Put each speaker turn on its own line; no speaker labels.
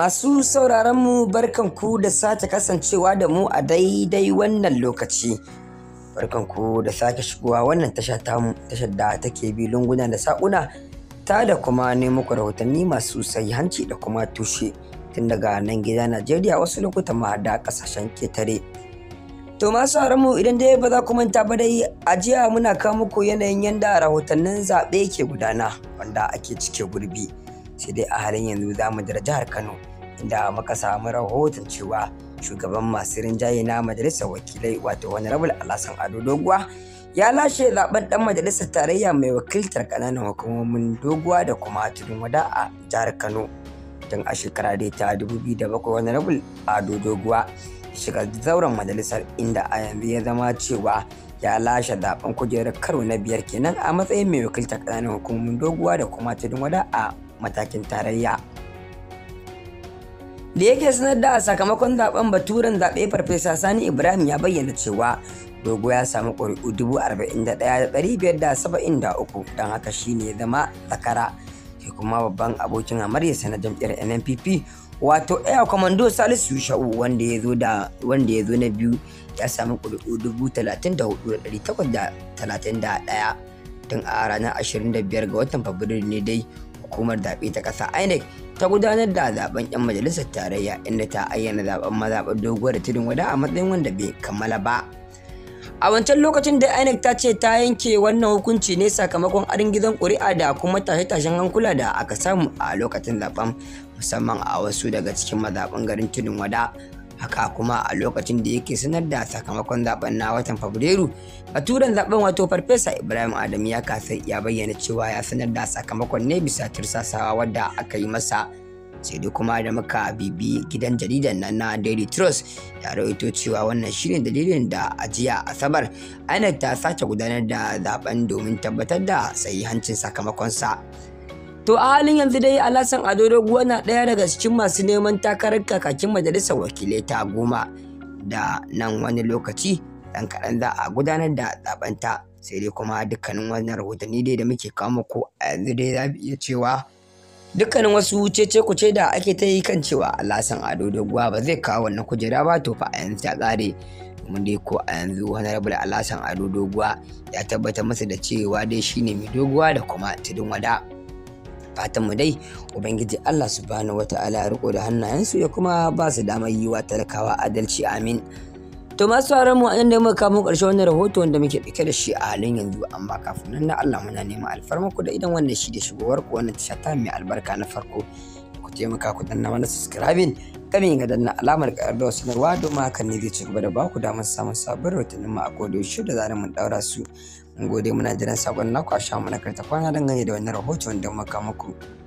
Masu sauraronmu barkanku da sace kasancewa da mu a daidai wannan lokaci. Barkanku da sake shigowa wannan tashar da take bi lunguna da sa'una, ta da kuma nemo ku rahotanni masu hanci da kuma tushe tun daga nan gida Najeriya wasu lokutan ma da ƙasashen ketare. To masu mu idan dai ba za ku manta ba dai a jiya muna kawo muku yanayin yanda rahotannin zaɓe ke gudana wanda ake cike gurbi. sai dai a halin yanzu za mu da jihar kano inda muka samu rahoton cewa shugaban masu rinjaye na majalisar wakilai wato honorable alasan ado doguwa ya lashe zaben dan majalisar tarayya mai wakiltar kananan hukumomin doguwa da kuma tudun wada a jihar kano tun a shekara dai ta 2007 honorable ado doguwa shiga zauren majalisar inda a yanzu ya zama cewa ya lashe zaben kujerar karo na biyar kenan a matsayin mai wakiltar kananan hukumomin doguwa da kuma tudun wada a matakin tarayya da yake sanar da sakamakon zaben baturen zaɓe farfesa sani ibrahim ya bayyana cewa dogo ya samu ƙuri'u dubu arba'in da da da da ɗaya ɗari biyar saba'in uku, don haka shi ne zama zakara shi kuma babban abokin amaryarsa na jam'iyyar nnpp wato air commando salisu sha'u wanda ya zo na biyu ya samu ƙuri'u dubu talatin talatin da da da da ɗari takwas ɗaya tun a ranar biyar ga watan fabrairu ne dai hukumar zaɓe ta ƙasa inec ta gudanar da zaben 'yan majalisar tarayya inda ta ayyana zaben mazaɓar doguwar da tudun wada a matsayin wanda bai kammala ba a wancan lokacin da inec ta ce ta yanke wannan hukunci ne sakamakon arin gizon ƙuri'a da kuma tashe-tashen hankula da aka samu a lokacin zaben musamman a wasu daga cikin mazaɓan garin tudun wada haka kuma a lokacin da yake sanar da sakamakon zaben na watan fabrairu baturen zaben wato farfesa ibrahim Adamu ya kasa ya bayyana cewa ya sanar da sakamakon ne bisa tursasawa wadda aka yi masa sai dai kuma da muka bibi gidan jaridan nan na daily trust ya rawaito cewa wannan shine dalilin da a jiya asabar ana ta sace gudanar da zaben domin tabbatar da sahihancin sa To a halin yanzu dai Alasan Ado Doguwa na ɗaya daga cikin masu neman takarar kakakin majalisar wakilai ta goma da nan wani lokaci ɗan kaɗan za a gudanar da zaɓenta sai dai kuma dukkanin wannan rahotanni dai da muke kama ko a yanzu dai za iya cewa dukkanin wasu cece kuce da ake ta yi kan cewa Alasan Ado Doguwa ba zai kawo wannan kujera ba to fa a yanzu ta tsare kuma dai ko a yanzu honorable Alasan Ado Doguwa ya tabbatar masa da cewa dai shine mai doguwa da kuma tudun wada. fatan mu dai ubangiji Allah subhanahu wataala ya riko da hannayensu ya kuma ba su damar yiwa talakawa adalci amin to masu sauran mu an da muka kawo karshe wannan rahoto wanda muke ɗauke da shi a halin yanzu amma kafin nan na Allah muna neman ku da idan wannan shi da shigowar ku wannan ta mai albarka na farko ku taimaka ku danna mana subscribing Kamin ga danna alamar wasu sanarwa domin hakan ne zai ci gaba da baku damar samun sabbin rahotannin mu a kodayaushe da zarar mun daura su. Mun gode muna jiran sakon naku a sha mu karta kwana dangane da wannan rahoton da muka maku.